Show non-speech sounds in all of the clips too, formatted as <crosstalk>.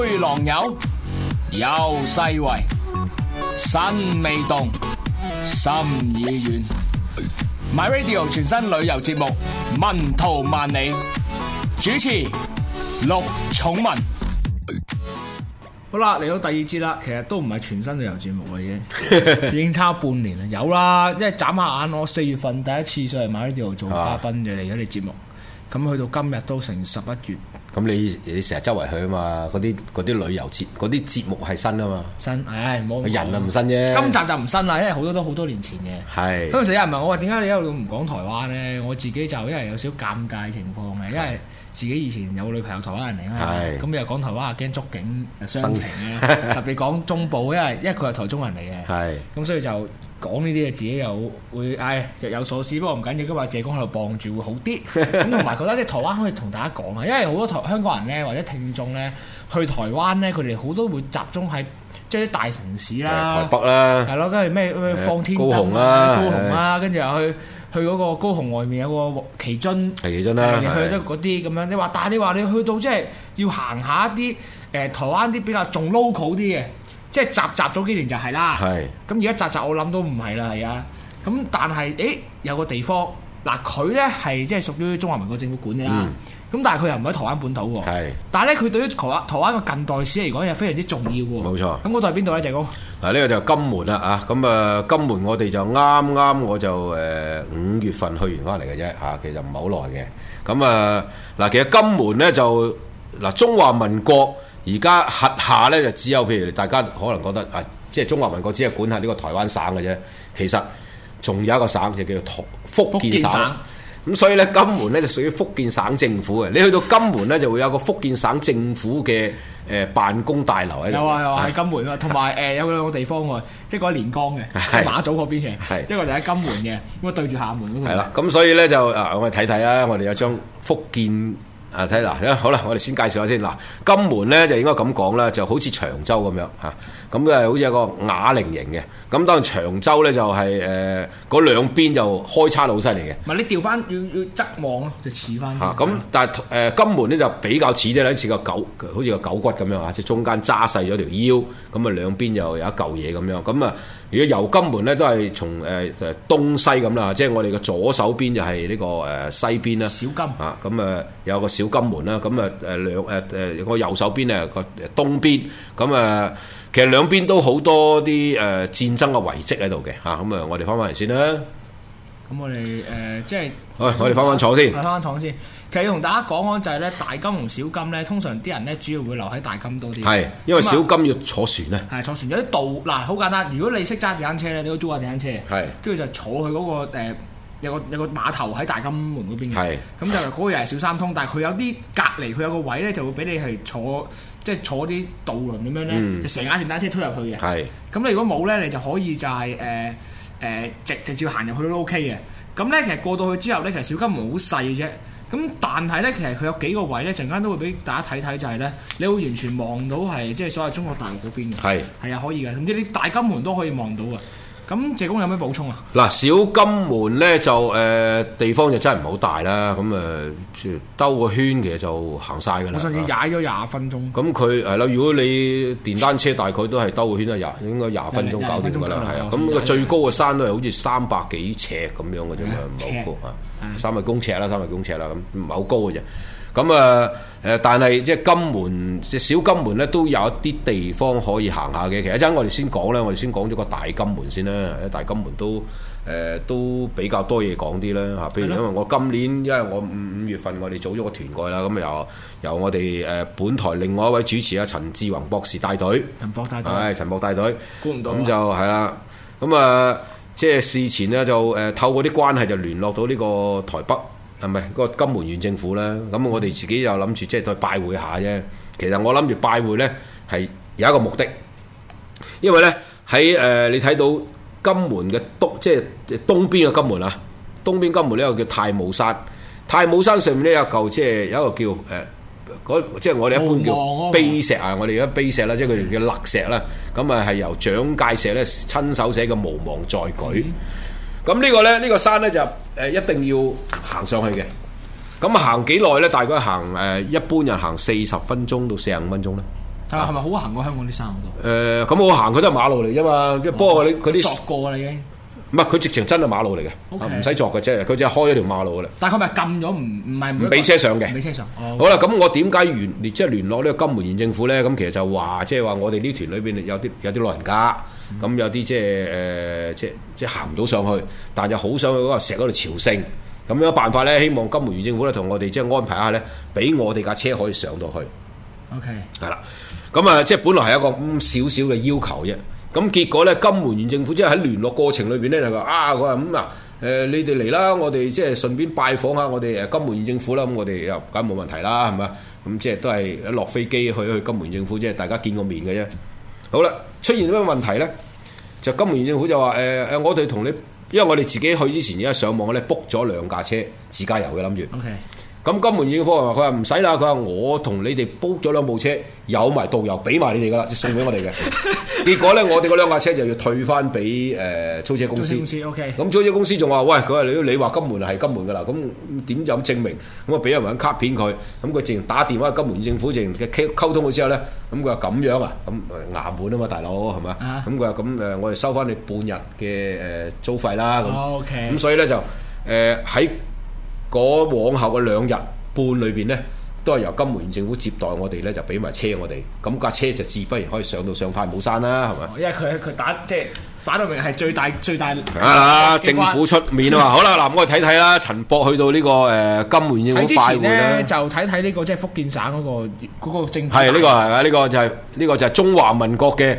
灰狼友，有細圍，身未動，心已遠。My Radio 全新旅遊節目《文圖萬里》，主持陸寵文。好啦，嚟到第二節啦，其實都唔係全新旅遊節目啦，已經已經差半年啦。有啦，即係眨下眼，我四月份第一次上嚟 My Radio 做嘉賓嘅嚟咗你節目，咁、啊、去到今日都成十一月。咁你你成日周圍去啊嘛？嗰啲嗰啲旅遊節、嗰啲節目係新啊嘛？新，唉、哎，冇人啊，唔新啫。今集就唔新啦，因為好多都好多年前嘅。係嗰陣時有人問我話：點解你一路唔講台灣咧？我自己就因為有少少尷尬情況嘅，因為自己以前有女朋友台灣人嚟啊嘛。係咁又講台灣啊，驚觸景傷情啊！新情 <laughs> 特別講中部，因為因為佢係台中人嚟嘅。係咁是所以就。講呢啲嘢自己又會唉，日有所思，不過唔緊要，因為謝公喺度傍住會好啲咁，同埋覺得即係台灣可以同大家講啊，因為好多台香港人咧或者聽眾咧去台灣咧，佢哋好多會集中喺即係啲大城市啦，台北啦，係咯，跟住咩放天燈啦，高雄啦，高雄啦，跟住又去去嗰個高雄外面有個旗津，旗津啦，你去得嗰啲咁樣，你話但係你話你去到即係要行下一啲誒台灣啲比較仲 local 啲嘅。即係集集咗幾年就係啦，咁而家集集我諗都唔係啦，係啊，咁但係誒有個地方嗱佢咧係即係屬於中華民國政府管嘅啦，咁、嗯、但係佢又唔喺台灣本土喎，的但係咧佢對於台台灣嘅近代史嚟講又非常之重要喎，冇錯錯，咁嗰度係邊度咧就係嗱，呢個就係金門啦啊，咁啊金門我哋就啱啱我就誒五月份去完翻嚟嘅啫，吓其實唔係好耐嘅，咁啊嗱其實金門咧就嗱中華民國。而家轄下咧，就只有譬如大家可能覺得啊，即係中華民國只係管下呢個台灣省嘅啫。其實仲有一個省就叫做福建省，咁所以咧金門咧就屬於福建省政府嘅。你去到金門咧就會有個福建省政府嘅誒辦公大樓喺度。有啊，有啊，喺金門啊，同埋誒有兩個地方喎，即係嗰個連江嘅馬祖嗰邊嘅，即係我哋喺金門嘅咁啊對住廈門嗰度。係啦，咁所以咧就啊，我哋睇睇啊，我哋有張福建。啊睇嗱，好啦，我哋先介紹下先嗱，金門咧就應該咁講啦，就好似長洲咁樣嚇，咁誒好似一個啞鈴型嘅，咁當然長洲咧就係誒嗰兩邊就開叉好犀利嘅。唔係、啊、你調翻要要側望咯，就似翻嚇。咁、啊嗯、但係誒、呃、金門咧就比較似啫，類似個狗，好似個狗骨咁樣嚇、啊，即係中間揸細咗條腰，咁、嗯、啊兩邊又有一嚿嘢咁樣，咁、嗯嗯、啊。如果遊金門咧，都係從誒誒東西咁啦，即係我哋嘅左手邊就係呢個誒西邊啦。小金啊，咁、嗯、誒有個小金門啦，咁誒誒兩誒誒個右手邊咧個東邊，咁、嗯、誒其實兩邊都好多啲誒戰爭嘅遺跡喺度嘅嚇，咁、啊、誒、嗯、我哋翻返嚟先啦。咁我哋誒即係，呃即係、好我哋翻返坐先，翻返堂先。其實要同大家講講就係咧，大金同小金咧，通常啲人咧主要會留喺大金多啲。係，因為小金要坐船咧。係就、嗯、坐船有啲道。嗱、啊、好簡單。如果你識揸電單車咧，你都租下電單車。係是。跟住就坐去嗰、那個、呃、有個有個碼頭喺大金門嗰邊嘅。係是。咁就嗰個又係小三通，但係佢有啲隔離，佢有個位咧就會俾你係坐，即、就、係、是、坐啲渡輪咁樣咧，嗯、就成架電單車推入去嘅。係是。咁你如果冇咧，你就可以就係誒誒直直接行入去都 OK 嘅。咁咧其實過到去之後咧，其實小金門好細嘅啫。咁但係咧，其實佢有幾個位咧，陣間都會俾大家睇睇，就係咧，你會完全望到係即係所謂中國大陸嗰邊嘅。係係啊，可以嘅，甚至你大金門都可以望到嘅。咁謝公有咩補充啊？嗱，小金門咧就誒、呃、地方就真係唔好大啦，咁誒兜個圈其實就行晒㗎啦。我甚至踩咗廿分鐘。咁佢係啦，如果你電單車大概都係兜個圈得廿應該廿分鐘搞掂㗎啦，係啊。咁個最高嘅山都係好似三百幾尺咁樣嘅啫嘛，啊。嗯、三萬公尺啦，三萬公尺啦，咁唔係好高嘅啫。咁啊，誒，但係即係金門，即係小金門咧，都有一啲地方可以行下嘅。其實一陣，我哋先講咧，我哋先講咗個大金門先啦。大金門都誒、呃、都比較多嘢講啲啦。嚇，譬如因為我今年因為我五五月份我哋組咗個團過去啦，咁又由我哋誒本台另外一位主持啊，陳志宏博士帶隊，隊。陳博帶隊。誒，陳博帶隊。管唔到。咁就係啦。咁、嗯、啊。嗯呃即係事前咧就誒、呃、透過啲關係就聯絡到呢個台北係咪、嗰個金門縣政府咧？咁我哋自己又諗住即係再拜會下啫。其實我諗住拜會咧係有一個目的，因為咧喺誒你睇到金門嘅東即係東邊嘅金門啊，東邊金門呢個叫太武山，太武山上面咧有嚿即係有一個叫誒。呃嗰即係我哋一般叫碑石啊，我哋而家碑石啦，即係佢哋叫勒石啦。咁啊，係由蔣介石咧親手寫嘅《毋忘在莒》。咁呢個咧，呢個山咧就誒一定要行上去嘅。咁行幾耐咧？大概行誒一般人行四十分鐘到四十五分鐘啦。係咪係咪好行過香港啲山好多？誒，咁我行佢都係馬路嚟啫嘛。不過你嗰啲，過啦已經。唔係，佢直情真係馬路嚟嘅，唔使作嘅啫，佢就開咗條馬路嘅啦。但係佢咪禁咗？唔唔係唔俾車上嘅。俾車上。好啦，咁我點解聯即係聯絡呢個金門縣政府咧？咁其實就話即係話我哋呢團裏邊有啲有啲老人家，咁有啲即係誒，即係即係行唔到上去，但係又好想去嗰個石嗰度朝聖，咁 Okay. 樣辦法咧，希望金門縣政府咧同我哋即係安排下咧，俾我哋架車可以上到去。OK。係啦，咁啊，即係本來係一個咁少少嘅要求啫。咁結果咧，金門縣政府即係喺聯絡過程裏邊咧，就話啊，我話咁啊，誒、嗯呃，你哋嚟啦，我哋即係順便拜訪下我哋誒金門縣政府啦，咁、嗯、我哋又梗冇問題啦，係咪？咁、嗯、即係都係落飛機去去金門縣政府，即係大家見個面嘅啫。好啦，出現咗咩問題咧？就金門縣政府就話誒誒，我哋同你，因為我哋自己去之前而家上網咧 book 咗兩架車自，自駕遊嘅諗住。Okay. 咁金門政府話佢話唔使啦，佢話我同你哋煲咗兩部車，有埋導遊俾埋你哋噶啦，就送俾我哋嘅。 <laughs> 結果咧，我哋嗰兩架車就要退翻俾誒租車公司。咁租車公司仲話、okay. 嗯、喂，佢話你你話金門係金門噶啦，咁點有證明？咁我俾埋份卡片佢，咁、嗯、佢直然打電話金門政府，直然嘅，溝通咗之後咧，咁佢話咁樣啊，咁誒衙門啊嘛，大佬係嘛？咁佢話咁誒，我哋收翻你半日嘅誒租費啦。Oh, OK。咁所以咧就誒喺。呃呃嗰往後嘅兩日半裏邊咧，都係由金門縣政府接待我哋咧，就俾埋車我哋，咁架車就自不然可以上到上太武山啦，係咪？因為佢佢打即係打到明係最大最大。啊，政府出面啊嘛，好啦，嗱我哋睇睇啦，陳博去到呢個誒金門縣政府拜會啦。睇之前咧就睇睇呢個即係福建省嗰個嗰個政府。係呢個係啊，呢個就係呢個就係中華民國嘅。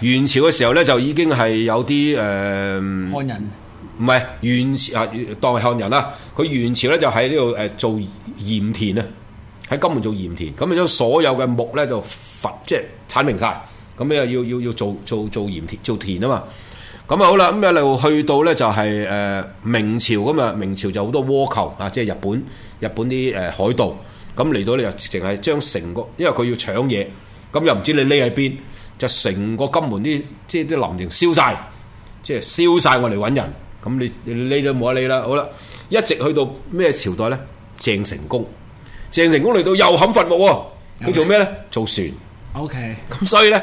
元朝嘅時候咧，就已經係有啲誒、呃、漢人，唔係元，元朝啊，當係漢人啦。佢元朝咧就喺呢度誒做鹽田啊，喺金門做鹽田。咁啊將所有嘅木咧就伐，即係剷平晒。咁啊又要要要做做做鹽田做田啊嘛。咁啊好啦，咁一路去到咧就係、是、誒、呃、明朝咁啊。明朝就好多倭寇啊，即係日本日本啲誒海盜。咁嚟到咧就淨係將成個，因為佢要搶嘢，咁又唔知你匿喺邊。就成個金門啲即係啲林田燒曬，即係燒曬我嚟揾人。咁你你都冇得理啦，好啦，一直去到咩朝代咧？鄭成功，鄭成功嚟到又冚伐木喎，佢做咩咧？做船。O K，咁所以咧，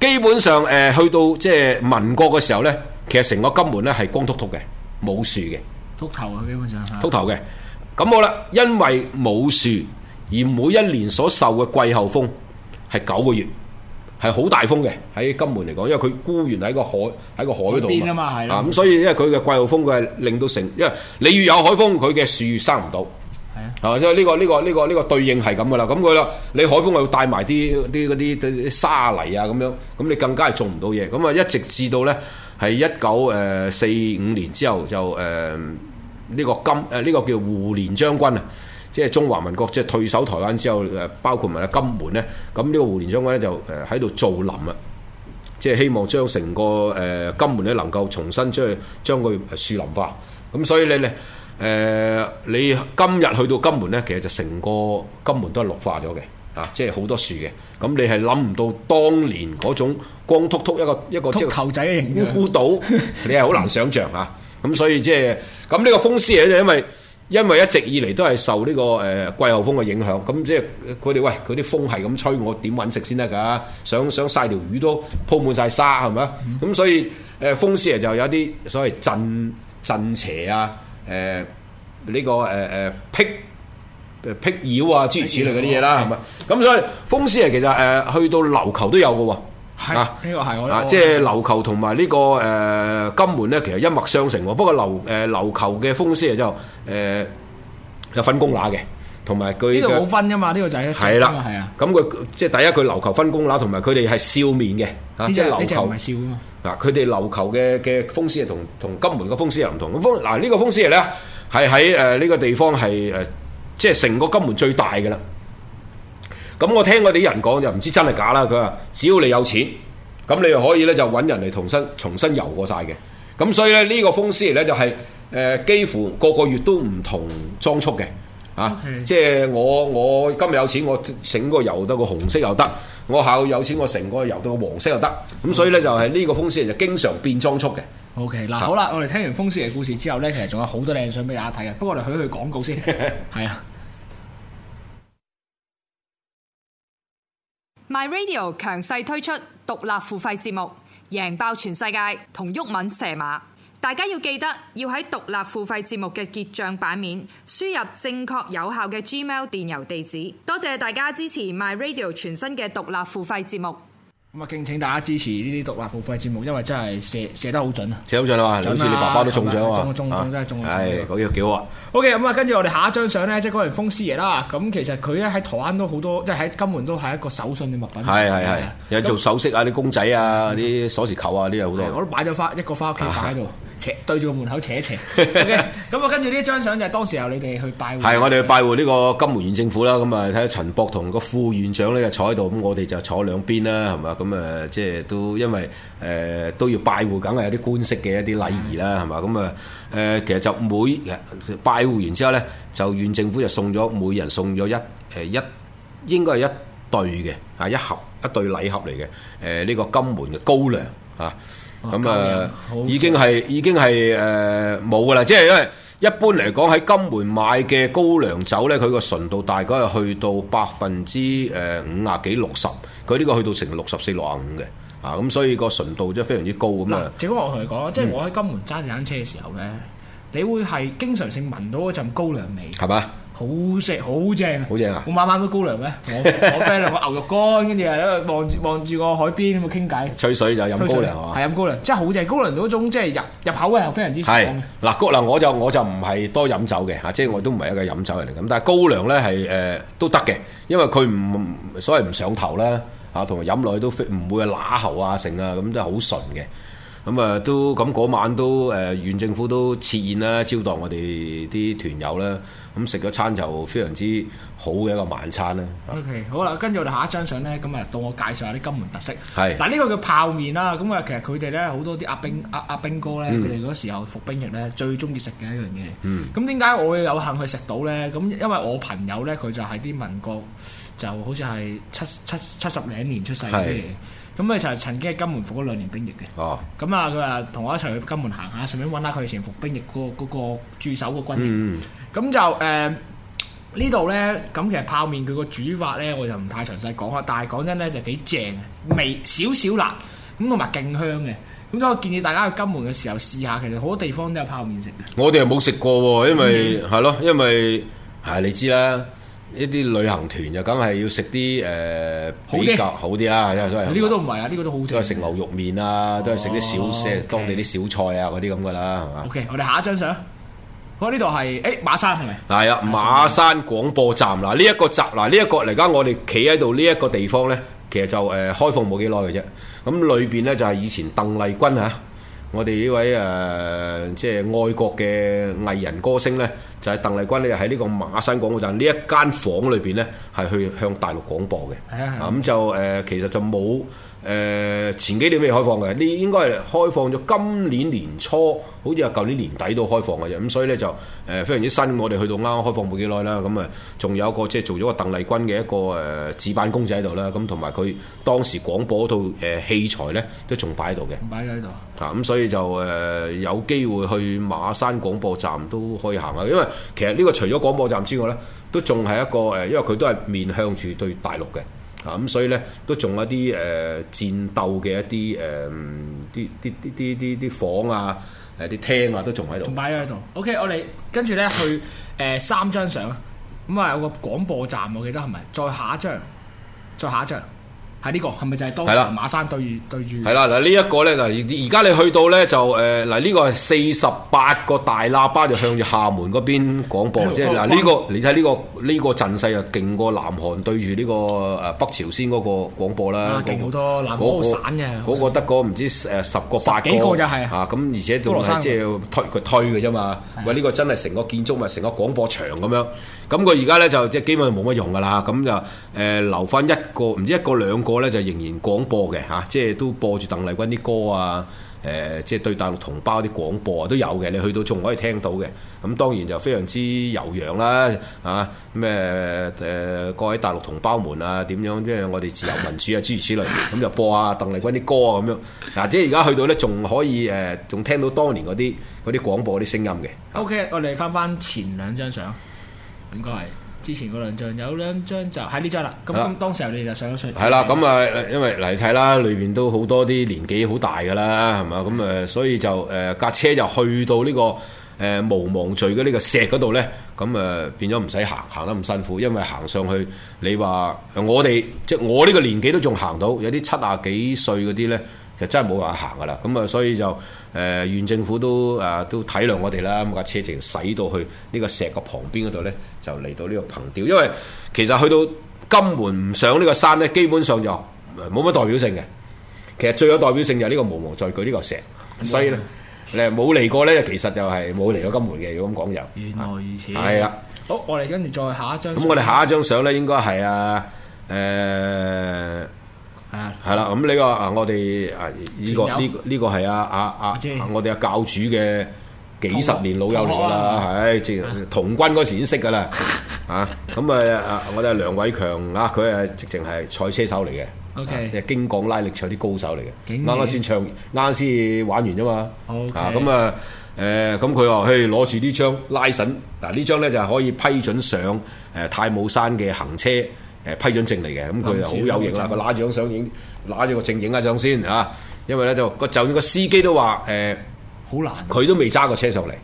基本上誒去到即係民國嘅時候咧，其實成個金門咧係光禿禿嘅，冇樹嘅。禿頭啊，基本上。禿頭嘅。咁好啦，因為冇樹而每一年所受嘅季候風係九個月。係好大風嘅，喺金門嚟講，因為佢孤懸喺個海喺個海度嘛。啊，咁、嗯、所以因為佢嘅季候風，佢係令到成，因為你越有海風，佢嘅樹越生唔到。係的啊，係嘛，這個，即係呢個呢、這個呢個呢個對應係咁噶啦。咁佢咯，你海風係帶埋啲啲啲沙泥啊咁樣，咁你更加係做唔到嘢。咁啊，一直至到咧係一九誒四五年之後就誒呢、呃這個金誒呢、啊這個叫胡連將軍。即係中華民國即係退守台灣之後，誒包括埋金門咧，咁呢個胡璉將軍咧就誒喺度造林啊，即係希望將成個誒金門咧能夠重新將佢將佢樹林化。咁所以你咧誒，你今日去到金門咧，其實就成個金門都係綠化咗嘅，啊，即係好多樹嘅。咁你係諗唔到當年嗰種光禿禿一個一個即係頭仔嘅孤島，你係好難想象啊。咁所以即係咁呢個風沙啊，就因為。因為一直以嚟都係受呢、這個誒季候風嘅影響，咁即係佢哋喂佢啲風係咁吹，我點搵食先得㗎？想想晒條魚都鋪滿晒沙，係咪啊？咁、嗯、所以誒、呃、風師爺，就有啲所謂震震邪啊，誒、呃、呢、這個誒誒辟誒辟妖啊，諸如此類嗰啲嘢啦，係咪？咁、嗯、所以風師爺，其實誒、呃、去到琉球都有嘅喎、啊。係啊，呢個係我啊，即係琉球同埋呢個誒、呃、金門咧，其實一脈相承。不過琉誒琉球嘅風獅爺就誒、呃、有，有分公乸嘅，同埋佢呢個冇分噶嘛，呢、這個仔係係啦，係啊的。咁佢的即係第一，佢琉球分公乸，同埋佢哋係笑面嘅，即、啊、係些琉球係笑啊嘛。嗱、啊，佢哋琉球嘅嘅風獅爺同同金門嘅風獅爺又唔同。咁風嗱呢、啊這個風獅爺咧，係喺誒呢個地方係誒，即係成個金門最大噶啦。咁、嗯、我聽嗰啲人講就唔知真係假啦。佢話只要你有錢，咁你就可以咧就揾人嚟重新重新游過晒嘅。咁所以咧呢、這個風獅爺咧就係、是、誒、呃、幾乎個個月都唔同裝束嘅。吓 Okay.、啊，即係我我今日有錢我整個游得個紅色又得，我下個有錢我成個游到個黃色又得。咁所以咧 Okay.、嗯、就係呢個風獅爺就經常變裝束嘅。O K 嗱好啦，我哋聽完風獅爺嘅故事之後咧，其實仲有好多靚相俾大家睇嘅。不過我哋去去廣告先，係啊。 <laughs> <laughs> My Radio 強勢推出獨立付費節目，贏爆全世界同郁敏射馬。大家要記得要喺獨立付費節目嘅結賬版面輸入正確有效嘅 Gmail 電郵地址。多謝大家支持 My Radio 全新嘅獨立付費節目。咁啊，敬請大家支持呢啲獨立付費節目，因為真係射射得好準啊！射好準啦，連好似你爸爸都中獎啊！中中真係中！係好嘢，幾好啊、嗯、OK，咁、嗯、啊，跟住我哋下一張相咧，即係嗰人風獅爺啦。咁其實佢咧喺台灣都好多，即係喺金門都係一個手信嘅物品。係係係，嗯、有做首飾啊，啲公仔啊，啲鎖匙扣啊，啲好多。我都擺咗翻一個翻屋企擺喺度。唉斜對住個門口扯一扯。OK 咁啊，跟住呢張相就當時候你哋去拜會， <laughs> 係我哋去拜會呢個金門縣政府啦。咁、嗯、啊，睇下陳博同個副院長咧坐喺度，咁我哋就坐兩邊啦，係嘛？咁、嗯、啊，即係都因為誒、呃、都要拜會，梗係有啲官式嘅一啲禮儀啦，係嘛？咁啊誒，其實就每拜會完之後咧，就縣政府就送咗每人送咗一誒一,一應該係一對嘅啊一盒一對禮盒嚟嘅誒呢個金門嘅高粱啊。咁啊，已經係像已經係誒冇噶啦，即係因為一般嚟講喺金門買嘅高粱酒咧，佢個純度大概係去到百分之誒五十幾六十，佢呢個去到成六十四六十五嘅，啊咁所以個純度即係非常之高咁啊！嗱、嗯，只不過我同你講、嗯、即係我喺金門揸電單車嘅時候咧，你會係經常性聞到一陣高粱味，係嘛？好食好正好正啊！我晚晚都高粱咧，我我攞兩個牛肉乾，跟住啊望住望住個海邊咁啊傾偈，吹水就飲高粱啊，係嘛？係飲高粱，即係好正！高粱嗰種即係入入口啊，非常之爽。嗱，高粱我就我就唔係多飲酒嘅嚇，即係我都唔係一個飲酒人嚟咁。但係高粱咧係誒都得嘅，因為佢唔所謂唔上頭啦嚇，同埋飲落去都唔會啊乸喉啊成啊咁都係好純嘅。咁啊、嗯，都咁嗰晚都誒，縣、呃、政府都設宴啦，招待我哋啲團友啦。咁食咗餐就非常之好嘅一個晚餐啦。OK，好啦，跟住我哋下一張相咧，咁、嗯、啊，到我介紹下啲金門特色。係嗱是，呢個叫泡麵啦。咁、嗯、啊，其實佢哋咧好多啲阿兵阿阿兵哥咧，佢哋嗰時候服兵役咧，最中意食嘅一樣嘢。嗯。咁點解我會有幸去食到咧？咁因為我朋友咧，佢就係啲民國，就好似係七七七十零年出世嗰啲嘢。咁咪就係曾經喺金門服咗兩年兵役嘅。哦，咁啊，佢話同我一齊去金門行下，順便揾下佢以前服兵役嗰嗰個駐守個軍。嗯，嗯，咁就誒呢度咧，咁其實泡麵佢個煮法咧，我就唔太詳細講啦。但係講真咧，就幾正，味少少辣，咁同埋勁香嘅。咁所以我建議大家去金門嘅時候試下，其實好多地方都有泡麵食嘅。我哋又冇食過喎，因為係咯、嗯嗯，因為係你知啦。一啲旅行團就梗係要食啲誒比較好啲啦，因為所以呢個都唔係啊，呢、這個、啊這個、好都好正。都係食牛肉麵啊，哦、都係食啲小食、okay. 當地啲小菜啊，嗰啲咁噶啦，係嘛？O K，我哋下一張相。呢度係誒馬山係咪？係啊，馬山廣播站嗱，呢、啊、一、這個集嗱，呢、啊、一、這個嚟，而家我哋企喺度呢一個地方咧，其實就誒、啊、開放冇幾耐嘅啫。咁裏邊咧就係、是、以前鄧麗君嚇。啊我哋呢位誒、呃，即係愛國嘅藝人歌星咧，就係鄧麗君咧，喺呢個馬山廣播站一間間呢一間房裏邊咧，係去向大陸廣播嘅。係啊，咁、嗯、就誒、呃，其實就冇。誒前幾年未開放嘅，你應該係開放咗今年年初，好似係舊年年底都開放嘅啫。咁所以咧就誒非常之新，我哋去到啱啱開放冇幾耐啦。咁啊，仲有一個即係做咗個鄧麗君嘅一個誒紙板公仔喺度啦。咁同埋佢當時廣播套誒器材咧，都仲擺喺度嘅。仲擺喺度啊！咁所以就誒有機會去馬山廣播站都可以行啦。因為其實呢個除咗廣播站之外咧，都仲係一個誒，因為佢都係面向住對大陸嘅。啊咁，嗯，所以咧都仲有啲誒，呃，戰鬥嘅一啲誒，啲啲啲啲啲房啊，誒啲廳啊都仲喺度，仲擺喺度。OK，我哋跟住咧去誒，呃，三張相啊。咁，嗯，啊，有個廣播站，我記得係咪？再下一張，再下一張。喺呢、這個係咪就係當時馬山對住的對住？係啦，嗱呢一個咧，嗱而而家你去到咧就誒，嗱、呃、呢、這個係四十八個大喇叭就向住廈門嗰邊廣播，即係嗱呢個我你睇呢、這個呢、這個陣勢又勁過南韓對住呢個誒北朝鮮嗰個廣播啦，勁好、啊、多，那個、南韓好散嘅，嗰、那個得嗰唔知誒十個八個，十幾個就係、是、啊，咁而且仲係即係推佢露推嘅啫嘛，的喂呢、這個真係成個建築物，成個廣播場咁樣。咁佢而家咧就即係基本上冇乜用噶啦，咁就誒留翻一個，唔知一個兩個咧就仍然廣播嘅嚇，即係都播住鄧麗君啲歌啊，誒、呃、即係對大陸同胞啲廣播啊都有嘅，你去到仲可以聽到嘅。咁當然就非常之悠揚啦，嚇咩誒各位大陸同胞們啊，點樣即係我哋自由民主啊諸如此類，咁就播下鄧麗君啲歌啊咁樣。嗱，即係而家去到咧仲可以誒，仲聽到當年嗰啲啲廣播啲聲音嘅。OK，啊、我哋翻翻前兩張相。應該係之前嗰兩張，有兩張就喺呢張啦。咁咁當時候你就上咗船。係啦，咁啊，因為嚟睇啦，裏面都好多啲年紀好大噶啦，係嘛，咁啊，所以就誒架、呃、車就去到呢、這個誒、呃、毋忘在莒嘅呢個石嗰度咧，咁啊變咗唔使行，行得咁辛苦，因為行上去你話我哋即係我呢個年紀都仲行到，有啲七啊幾歲嗰啲咧，就真係冇辦法行噶啦。咁啊，所以就。誒，縣、呃、政府都誒、啊、都體諒我哋啦，咁架車直情駛到去呢個石嘅旁邊嗰度咧，就嚟到呢個憑吊，因為其實去到金門上呢個山咧，基本上就冇乜代表性嘅。其實最有代表性就係呢個毋忘在莒呢個石，嗯、所以咧，你冇嚟過咧，其實就係冇嚟過金門嘅。如果咁講又原來以前。係啦的，好、哦，我哋跟住再下一張。咁我哋下一張相咧，應該係啊誒。呃係啦，咁呢、啊這個、這個這個、啊，啊，啊，啊，我哋啊，呢個呢呢個係啊啊啊，我哋啊教主嘅幾十年老友嚟噶啦，係直情童軍嗰時已經識噶啦，嚇咁啊啊，我哋啊梁偉強啊，佢啊直情係賽車手嚟嘅，OK，即係京港拉力賽啲高手嚟嘅，啱啱先唱，啱先玩完啫嘛，OK，咁啊誒，咁佢話，嘿，攞住呢張拉神，嗱呢張咧就係可以批准上誒太武山嘅行車。誒，批准證嚟嘅，咁佢就好有型啦，佢拿住張相影，拿住個證影下相先啊！因為咧就個，就算個司機都話，誒，好難，佢都未揸過車上嚟，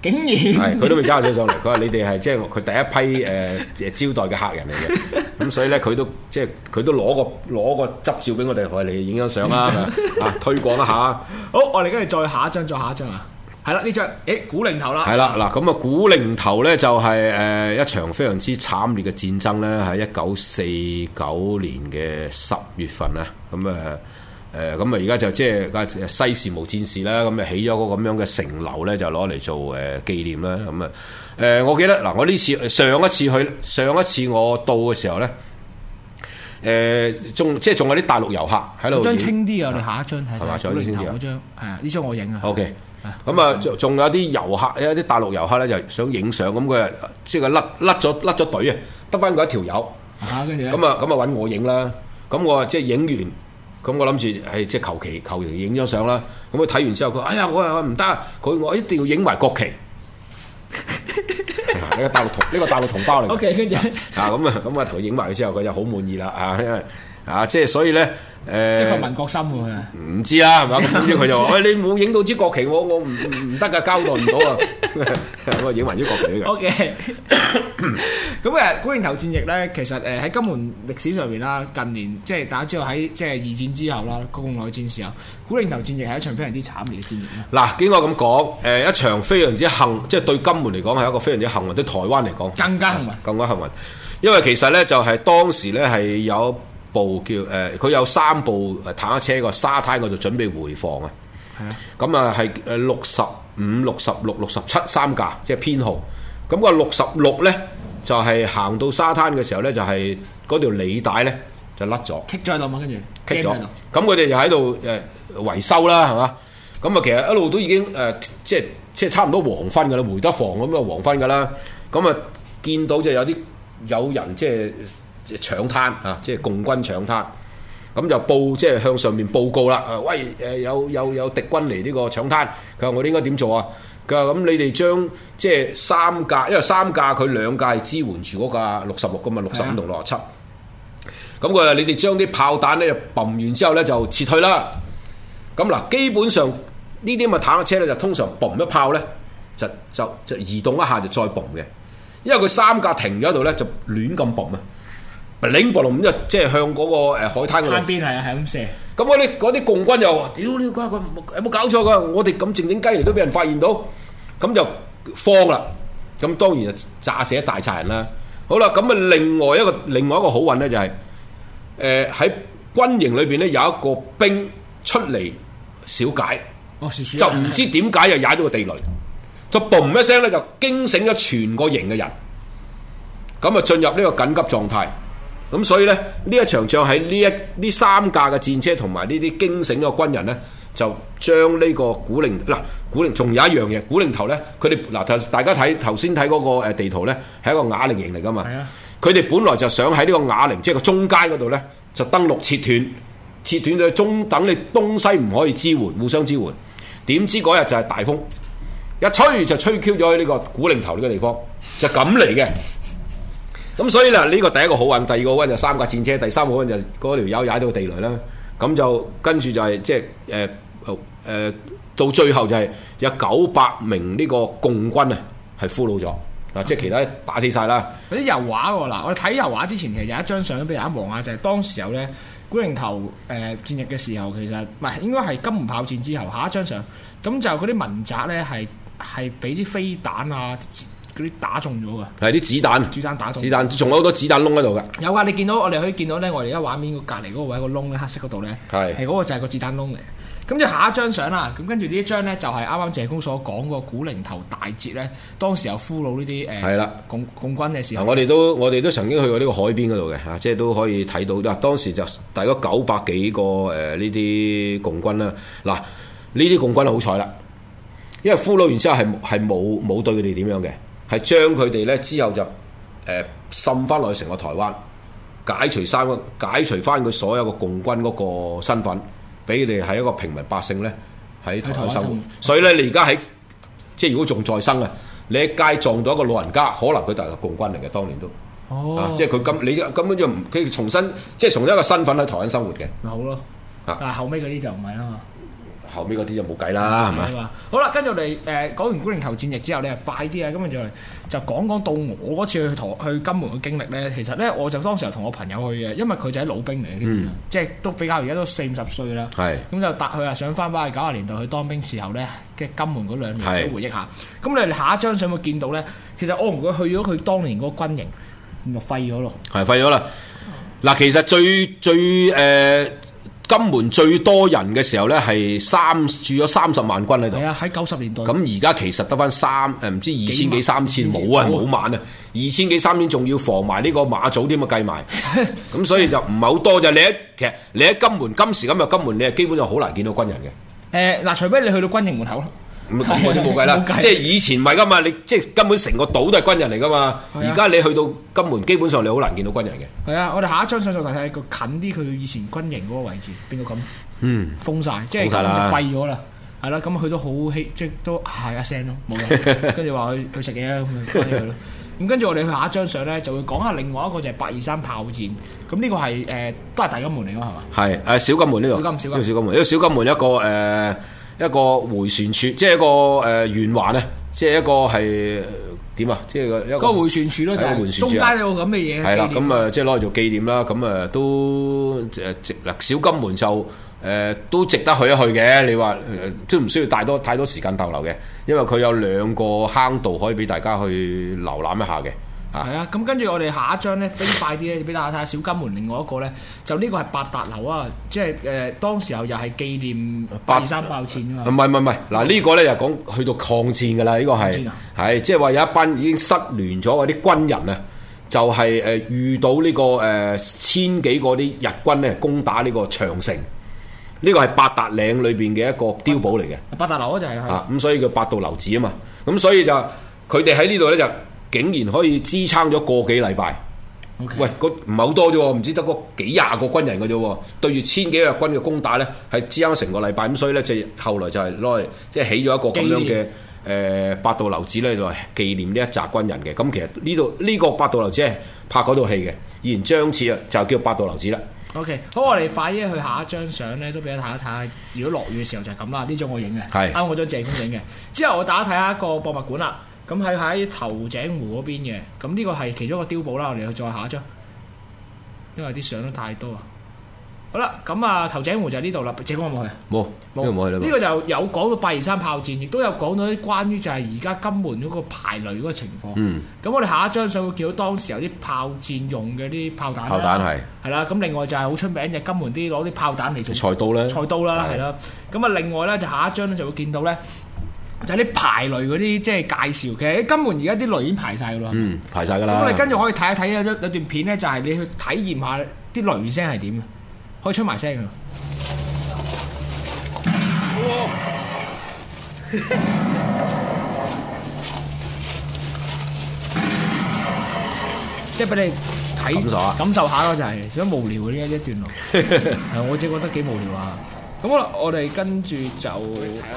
竟然係佢都未揸過車上嚟，佢話你哋係即係佢第一批誒誒招待嘅客人嚟嘅，咁所以咧佢都即係佢都攞個攞個執照俾我哋，我哋影張相啦，啊推廣一下，好，我哋跟住再下一張，再下一張啊！係啦，呢張誒，古寧頭啦。係啦，嗱，咁、就、啊、是，古寧頭咧就係誒一場非常之慘烈嘅戰爭咧，喺一九四九年嘅十月份啊，咁啊誒，咁啊而家就即係西事無戰事啦，咁啊起咗個咁樣嘅城樓咧，就攞嚟做誒紀、呃、念啦，咁啊誒，我記得嗱、呃，我呢次上一次去上一次我到嘅時候咧。誒，仲即係仲有啲大陸遊客喺度。張清啲啊，的你下一張睇下我頭張係啊，呢張我影啊。OK，咁啊的，仲有啲遊客，有啲大陸遊客咧的，就想影相。咁佢即係甩甩咗甩咗隊啊，得翻嗰一條友。咁啊，咁啊揾我影啦。咁我即係影完，咁我諗住係即係求其求其影咗相啦。咁佢睇完之後，佢話哎呀，我話唔得，佢我一定要影埋國旗。 <laughs> 呢個大陸同呢個大陸同胞嚟嘅，okay, <laughs> 啊咁啊咁啊同影埋佢之後，佢就好滿意啦，啊因為。啊，即係所以咧，誒、呃，即係個民國心喎，唔知啊，係嘛、啊？咁點佢就話，喂， <laughs> 你冇影到支國旗，我我唔唔得噶，交代唔到啊！我影埋支國旗嘅。O K，咁誒，古寧頭戰役咧，其實誒喺金門歷史上邊啦，近年即係大家知道，喺即係二戰之後啦，國共內戰時候，古寧頭戰役係一場非常之慘烈嘅戰役嗱，經過咁講，誒，一場非常之幸，即係對金門嚟講係一個非常之幸運，對台灣嚟講更加幸運，更加幸運，因為其實咧就係當時咧係有。部叫誒，佢、呃、有三部坦克車個沙灘，我就準備回放啊。係啊，咁啊係誒六十五、六十六、六十七三架，即係編號。咁、嗰個六十六咧，就係、是、行到沙灘嘅時候咧，就係、是、嗰條履帶咧就甩咗，棘喺度嘛，跟住棘咗。咁佢哋就喺度誒維修啦，係嘛？咁啊，其實一路都已經誒、呃，即係即係差唔多黃昏㗎啦，回得房咁啊，黃昏㗎啦。咁啊，見到就有啲有人即係。即搶攤啊！即係共軍搶攤，咁就報即係向上面報告啦。誒，喂誒，有有有敵軍嚟呢個搶攤，佢話我哋應該點做啊？佢話咁你哋將即係三架，因為三架佢兩架支援住嗰架六十六噶嘛，六十五同六十七。咁佢話你哋將啲炮彈咧，冚完之後咧就撤退啦。咁嗱，基本上呢啲咁嘅坦克車咧，就通常冚一炮咧，就就就移動一下就再冚嘅，因為佢三架停咗喺度咧，就亂咁冚啊。領部龍五就即係向嗰個誒海灘嗰邊係啊，係咁射。咁嗰啲嗰啲共軍又屌你瓜，佢有冇搞錯噶？我哋咁靜靜雞嚟都俾人發現到，咁就慌啦。咁當然就炸死一大扎人啦。好啦，咁啊另外一個另外一個好運咧就係誒喺軍營裏邊咧有一個兵出嚟小解，就唔知點解又踩咗個地雷，就嘣一聲咧就驚醒咗全個營嘅人，咁啊進入呢個緊急狀態。咁所以呢，呢一場仗喺呢一呢三架嘅戰車同埋呢啲驚醒嘅軍人呢，就將呢個古寧嗱、啊、古寧仲有一樣嘢，古寧頭呢，佢哋嗱就大家睇頭先睇嗰個地圖呢，係一個啞鈴型嚟噶嘛。佢哋的本來就想喺呢個啞鈴，即係個中間嗰度呢，就登陸切斷，切斷咗中等你東西唔可以支援，互相支援。點知嗰日就係大風一吹就吹 Q 咗去呢個古寧頭呢個地方，就咁嚟嘅。 <laughs> 咁、嗯、所以啦，呢、這個第一個好運，第二個好運就三架戰車，第三個好運就嗰條友踩到地雷啦。咁就跟住就係即係誒誒，到最後就係有九百名呢個共軍啊，係俘虜咗啊！即係其他打死晒啦。嗰啲吧油畫喎嗱，我哋睇油畫之前其實有一張相俾人一望下，就係、是、當時候咧，古寧頭誒戰役嘅時候，其實唔係應該係金門炮戰之後，下一張相咁就嗰啲民宅咧係係俾啲飛彈啊。嗰啲打中咗嘅，係啲子彈，子彈打中，子彈仲有好多子彈窿喺度嘅。有啊，你見到我哋可以見到咧，我哋而家畫面個隔籬嗰個位個窿咧，黑色嗰度咧，係嗰個就係、是、個子彈窿嚟。咁就下一張相啦。咁跟住呢一張咧，就係啱啱謝公所講個古寧頭大捷咧，當時又俘虜呢啲誒共共軍嘅時候。我哋都我哋都曾經去過呢個海邊嗰度嘅吓，即係都可以睇到。嗱，當時就大約九百幾個誒呢啲共軍啦。嗱，呢啲共軍好彩啦，因為俘虜完之後係係冇冇對佢哋點樣嘅。係將佢哋咧，之後就誒滲翻落去成個台灣，解除山軍，解除翻佢所有嘅共軍嗰個身份，俾佢哋係一個平民百姓咧喺台灣生活。生活 Okay. 所以咧，你而家喺即係如果仲再生啊，你喺街撞到一個老人家，可能佢就係個共軍嚟嘅，當年都，oh. 啊，即係佢今你根本就唔佢重新，即係從一個身份喺台灣生活嘅。咪好咯，啊，但係後尾嗰啲就唔係啦嘛。後尾嗰啲就冇計啦，係咪？好啦，跟住我哋誒講完古寧頭戰役之後，你係快啲啊！咁咪再就講講到我嗰次去陀去金門嘅經歷咧。其實咧，我就當時同我朋友去嘅，因為佢就係老兵嚟嘅，即係都比較而家都四五十歲啦。係咁就搭佢係想翻翻去九十年代去當兵時候咧嘅金門嗰兩年，想回憶下。咁你哋下一張相會見到咧，其實我同佢去咗佢當年嗰軍營，咁就廢咗咯。係廢咗啦。嗱，其實最最誒。金門最多人嘅時候呢，係三駐咗三十萬軍喺度。係啊，喺九十年代。咁而家其實得返三誒，唔知二千幾三千冇啊，冇萬啊，二千幾三千仲要防埋呢個馬祖添啊，計埋咁， <laughs> 所以就唔係好多就你喺其實你喺金門今時今日金門你係基本上好難見到軍人嘅。誒、呃，嗱，除非你去到軍營門口咁講過啲冇計啦，即係以前咪噶嘛，你即係根本成個島都係軍人嚟噶嘛。而家你去到金門，基本上你好難見到軍人嘅。係啊，我哋下一張相就睇睇個近啲，佢以前軍營嗰個位置變到咁，嗯，封晒，即係廢咗啦，係啦。咁佢都好希，即係都係一聲咯，冇。跟住話去去食嘢，咁翻咗去咯。咁跟住我哋下一張相咧，就會講下另外一個就係八二三炮戰。咁呢個係誒都係大金門嚟噶係嘛？係誒小金門呢度，呢個小金門，呢個小金門一個誒。一個回旋處，即係一個誒圓環咧，即係一個係點啊？即係個一個回旋處咯，就係個回旋處。中間有個咁嘅嘢，係啦。咁啊，即係攞嚟做紀念啦。咁啊，都誒值嗱小金門就誒、呃、都值得去一去嘅。你話都唔需要太多太多時間逗留嘅，因為佢有兩個坑道可以俾大家去瀏覽一下嘅。係啊，咁跟住我哋下一張咧飛快啲咧，俾大家睇下小金門另外一個咧，就呢個係八達樓啊，即係誒、呃、當時候又係紀念八二三砲戰啊嘛。唔係唔係唔係，嗱、嗯這個、呢個咧就講去到抗戰嘅啦，呢、這個係係、啊、即係話有一班已經失聯咗嗰啲軍人啊，就係、是、誒、呃、遇到呢、這個誒、呃、千幾個啲日軍咧攻打呢個長城，呢、這個係八達嶺裏邊嘅一個碉堡嚟嘅。八達樓就係、是、啊，咁所以叫八道樓子啊嘛，咁所以就佢哋喺呢度咧就。竟然可以支撐咗個幾禮拜，Okay. 喂，唔係好多啫，唔知得嗰幾廿個軍人嘅啫，對住千幾日軍嘅攻打咧，係支撐成個禮拜，咁所以咧就後來就係攞嚟即係起咗一個咁樣嘅誒念、呃、八道樓子咧嚟、就是、紀念呢一紮軍人嘅。咁、嗯、其實呢度呢個八道樓子係拍嗰套戲嘅，然將似啊就叫八道樓子啦。OK，好，我哋快啲去下一張相咧，都俾大家睇一睇。如果落雨嘅時候就係咁啦，呢張我影嘅，啱我是張謝公影嘅。之後我大家睇下一個博物館啦。咁係喺頭井湖嗰邊嘅，咁呢個係其中一個碉堡啦。我哋去再下一張，因為啲相都太多啊。好啦，咁啊，頭井湖就係呢度啦。謝哥有冇去啊？冇沒，冇冇沒去。呢個就有講到八二三炮戰，亦都有講到啲關於就係而家金門嗰個排雷嗰個情況。咁、嗯、我哋下一張就會見到當時有啲炮戰用嘅啲炮彈。炮彈係。係啦，咁另外就係好出名就金門啲攞啲炮彈嚟做菜刀啦。菜刀啦，係啦。咁啊，另外咧就下一張就會見到咧。就係啲排雷嗰啲，即係介紹嘅。其實金門而家啲雷已經排晒噶啦，嗯，排晒噶啦。咁我哋跟住可以睇一睇，有有段片咧，就係、是、你去體驗下啲雷聲係點，可以出埋聲嘅。哇 <laughs> <laughs> 即係俾你睇感受下咯，就係、是、想無聊嘅呢一段咯。係， <laughs> <laughs> 我正覺得幾無聊啊。咁好啦，我哋跟住就睇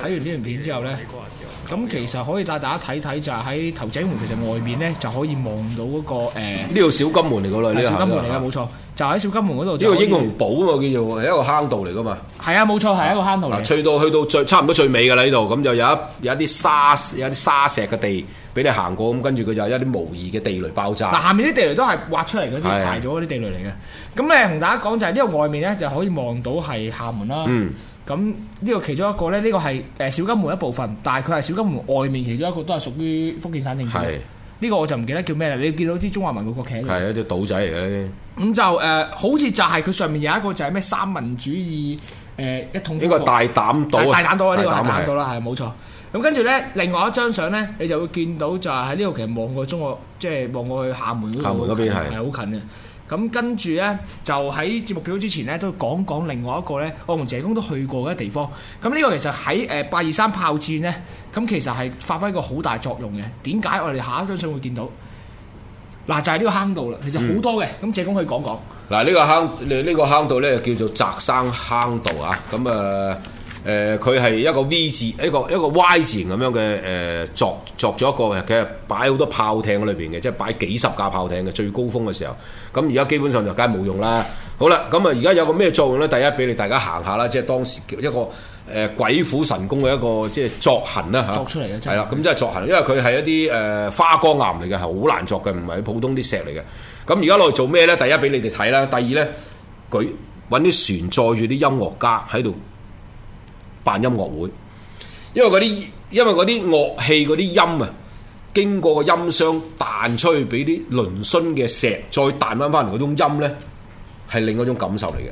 完呢段片之後咧。 <music> 咁其實可以帶大家睇睇，就係喺頭仔門，其實外面咧就可以望到嗰個誒。呢度小金門嚟噶啦，呢個小金門嚟噶，冇錯。就喺小金門嗰度，呢個英雄堡啊，叫做係一個坑道嚟噶嘛。係啊，冇錯，係一個坑道嚟。去到去到最差唔多最尾噶啦，呢度咁就有一有一啲沙有一啲沙石嘅地俾你行過，咁跟住佢就有一啲模擬嘅地雷爆炸。嗱，下面啲地雷都係挖出嚟嗰啲排咗嗰啲地雷嚟嘅。咁你同大家講就係呢個外面咧就可以望到係廈門啦。咁呢個其中一個咧，呢個係誒小金門一部分，但係佢係小金門外面，其中一個都係屬於福建省政府。呢個我就唔記得叫咩啦。你見到啲中華民國國旗？係一隻島仔嚟嘅。呢咁就誒，好似就係佢上面有一個就係咩三民主義誒一統。呢個大膽島，大膽島啊！呢個大膽島啦，係冇錯。咁跟住咧，另外一張相咧，你就會見到就係喺呢度其實望過中國，即係望過去廈門嗰度。廈門嗰邊係係好近嘅。咁跟住呢，就喺節目結束之前呢，都講講另外一個呢。我同謝工都去過嘅地方。咁、這、呢個其實喺誒八二三炮戰呢，咁其實係發揮一個好大作用嘅。點解我哋下一張相會見到？嗱，就係、是、呢個坑道啦，其實好多嘅。咁謝工可以講講。嗱，呢個坑呢呢、這個、坑道呢叫做翟山坑道啊。咁啊、呃、～誒佢係一個 V 字，一個一個 Y 字形咁樣嘅誒，作作咗一個，佢係擺好多炮艇喺裏邊嘅，即係擺幾十架炮艇嘅最高峰嘅時候。咁而家基本上就梗係冇用啦。好啦，咁啊，而家有個咩作用咧？第一俾你大家行下啦，即係當時叫一個誒、呃、鬼斧神工嘅一個即係作痕啦嚇。作出嚟嘅真係啦，咁即係作痕，因為佢係一啲誒、呃、花崗岩嚟嘅，係好難作嘅，唔係普通啲石嚟嘅。咁而家攞嚟做咩咧？第一俾你哋睇啦，第二咧，佢揾啲船載住啲音樂家喺度。辦音樂會，因為嗰啲因為嗰啲樂器嗰啲音啊，經過個音箱彈出去俾啲嶙峋嘅石再彈翻翻嚟嗰種音咧，係另一種感受嚟嘅。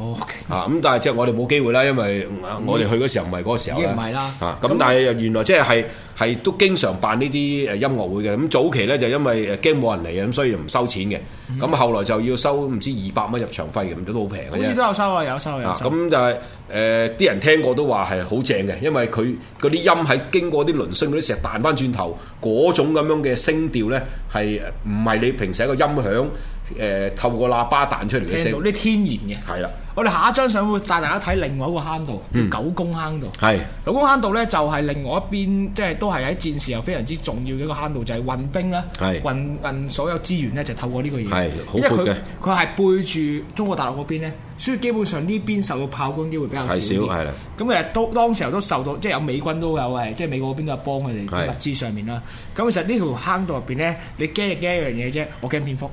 Okay. 啊咁，但係即係我哋冇機會啦，因為我哋去嗰時候唔係嗰個時候、嗯、啦。啊，咁但係原來即係係係都經常辦呢啲誒音樂會嘅。咁、嗯、早期咧就因為誒驚冇人嚟啊，咁所以唔收錢嘅。咁、嗯嗯、後來就要收唔知二百蚊入場費，咁都好平嘅。好似都有收啊，有收，有收，有收啊。咁但係誒啲人聽過都話係好正嘅，因為佢嗰啲音喺經過啲嶙峋嗰啲成日彈翻轉頭嗰種咁樣嘅聲調咧，係唔係你平時一個音響誒、呃、透過喇叭彈出嚟嘅聲？聽到啲天然嘅。係啦。我哋下一張相會帶大家睇另外一個坑道，叫九宮坑道。係九宮坑道咧，就係、是、另外一邊，即、就、係、是、都係喺戰時又非常之重要嘅一個坑道，就係、是、運兵啦，是運運所有資源咧，就透過呢個嘢。係好闊嘅，佢係背住中國大陸嗰邊咧，所以基本上呢邊受到炮轟機會比較少啲。啦。咁其實都當時候都受到，即、就、係、是、有美軍都有，係即係美國嗰邊都有幫佢哋的的物資上面啦。咁其實呢條坑道入邊咧，你驚亦驚一樣嘢啫，我驚蝙蝠，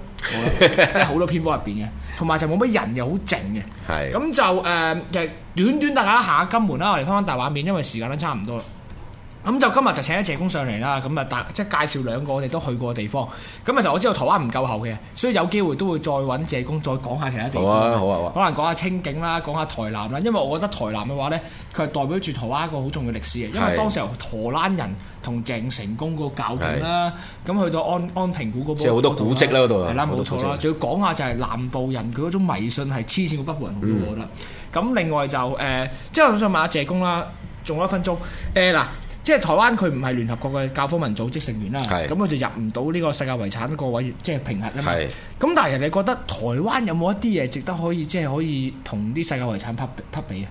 好多蝙蝠入邊嘅。同埋就冇乜人，又好靜嘅。咁是的 就誒，其實短短大家行下金門啦，我哋翻翻大畫面，因為時間都差唔多啦。咁就今日就請咗謝工上嚟啦，咁啊大即係介紹兩個我哋都去過嘅地方。咁啊，其實我知道台灣唔夠厚嘅，所以有機會都會再揾謝工再講下其他地方。好啊，好啊，可能講下清境啦，講下台南啦。因為我覺得台南嘅話咧，佢係代表住台灣一個好重要歷史嘅。因為當時候荷蘭人同鄭成功個交戰啦，咁去到安安平古嗰堡，即係好多古跡咧嗰度。係啦，冇錯啦。仲要講下就係南部人佢嗰種迷信係黐線過北部人，我覺得。咁另外就誒，即係我想問下謝工啦，仲有一分鐘誒嗱，即係台灣，佢唔係聯合國嘅教科文組織成員啦，咁佢是就入唔到呢個世界遺產個位，即係平衡啊嘛。咁是但係人哋覺得台灣有冇一啲嘢值得可以，即、就、係、是、可以同啲世界遺產匹比啊？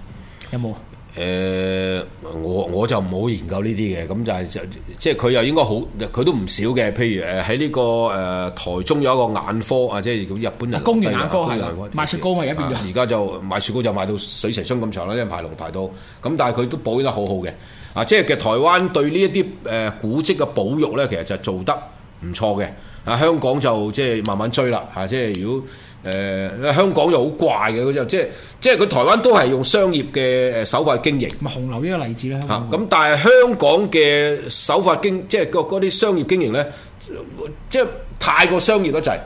有冇啊？誒、呃，我我就冇研究呢啲嘅，咁就係、是、即係佢又應該好，佢都唔少嘅。譬如誒、這個，喺呢個誒台中有一個眼科啊，即係咁日本人。公園眼科係賣雪糕嘅入而家就賣雪糕就賣到水成箱咁長啦，即係排龍排到。咁但係佢都保養得好好嘅。啊，即係嘅台灣對呢一啲誒古蹟嘅保育咧，其實就做得唔錯嘅。啊，香港就即係慢慢追啦。啊，即係如果誒、呃、香港又好怪嘅，嗰啲即係即係佢台灣都係用商業嘅誒手法經營。咪紅樓呢個例子咧。嚇！咁但係香港嘅、啊、手法經，即係嗰啲商業經營咧，即係太過商業得滯。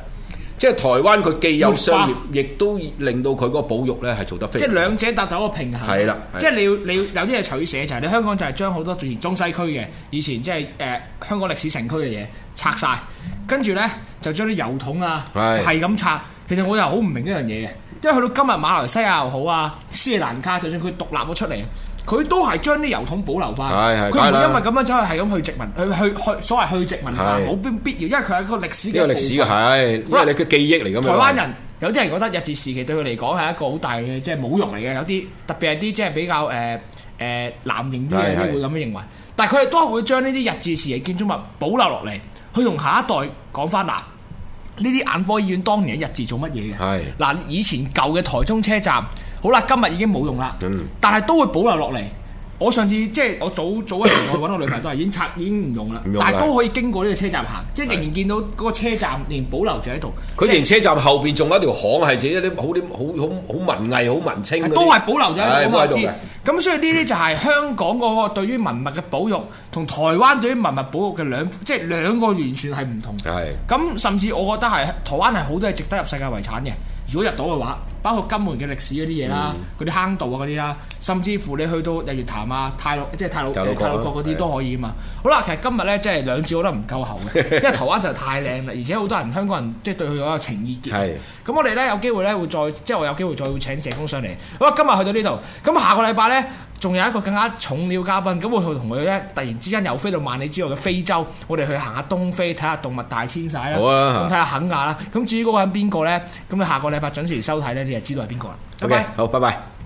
即係台灣，佢既有商業，化亦都令到佢嗰個保育咧係做得非常之好。即係兩者達到一個平衡。係啦的，即係你要你要有啲嘢取捨，就係、是、你香港就係將好多以前中西區嘅以前即係誒香港歷史城區嘅嘢拆晒，跟住咧就將啲油桶啊係咁拆。是的 其實我就好唔明一樣嘢嘅，因為去到今日馬來西亞又好啊，斯里蘭卡就算佢獨立咗出嚟。佢都係將啲油桶保留翻，佢唔會因為咁樣走去係咁去殖民，去去去所謂去殖民化，冇必要，因為佢係一個歷史嘅一個歷史嘅係，因為你嘅記憶嚟㗎嘛。台灣人有啲人覺得日治時期對佢嚟講係一個好大嘅即係侮辱嚟嘅，有啲特別係啲即係比較誒誒藍營啲嘅會咁樣認為，但係佢哋都係會將呢啲日治時期建築物保留落嚟，去同下一代講翻，嗱，呢啲眼科醫院當年日治做乜嘢嘅？嗱，以前舊嘅台中車站。好啦，今日已經冇用啦，嗯、但係都會保留落嚟。我上次即係我早早一時我揾個女朋友都係，已經拆，已經唔用啦。但係都可以經過呢個車站行，是即係仍然見到嗰個車站，連保留住喺度。佢連車站後邊仲有一條巷，係寫一啲好啲好好好文藝、好文青，都係保留咗喺度。咁所以呢啲就係香港嗰個對於文物嘅保育，同台灣對於文物保育嘅兩，即係兩個完全係唔同。咁的甚至我覺得係台灣係好多嘢值得入世界遺產嘅。如果入到嘅話，包括金門嘅歷史嗰啲嘢啦，嗰啲、嗯、坑道啊嗰啲啦，甚至乎你去到日月潭啊、太魯即係太魯閣嗰啲都可以啊嘛。是 好啦，其實今日咧即係兩字，我覺得唔夠喉嘅，因為台灣就太靚啦，而且好多人香港人即係對佢有個情意結。係是，咁我哋咧有機會咧會再即係我有機會再會請謝公上嚟。好啦，今日去到呢度，咁下個禮拜咧。仲有一個更加重要嘉賓，咁會去同佢咧突然之間又飛到萬里之外嘅非洲，我哋去行下東非，睇下動物大遷徙啦，睇下、啊、肯亞啦。咁至於嗰個人邊個咧？咁你下個禮拜準時收睇咧，你就知道係邊個啦。OK，好吧，拜拜，好，拜拜。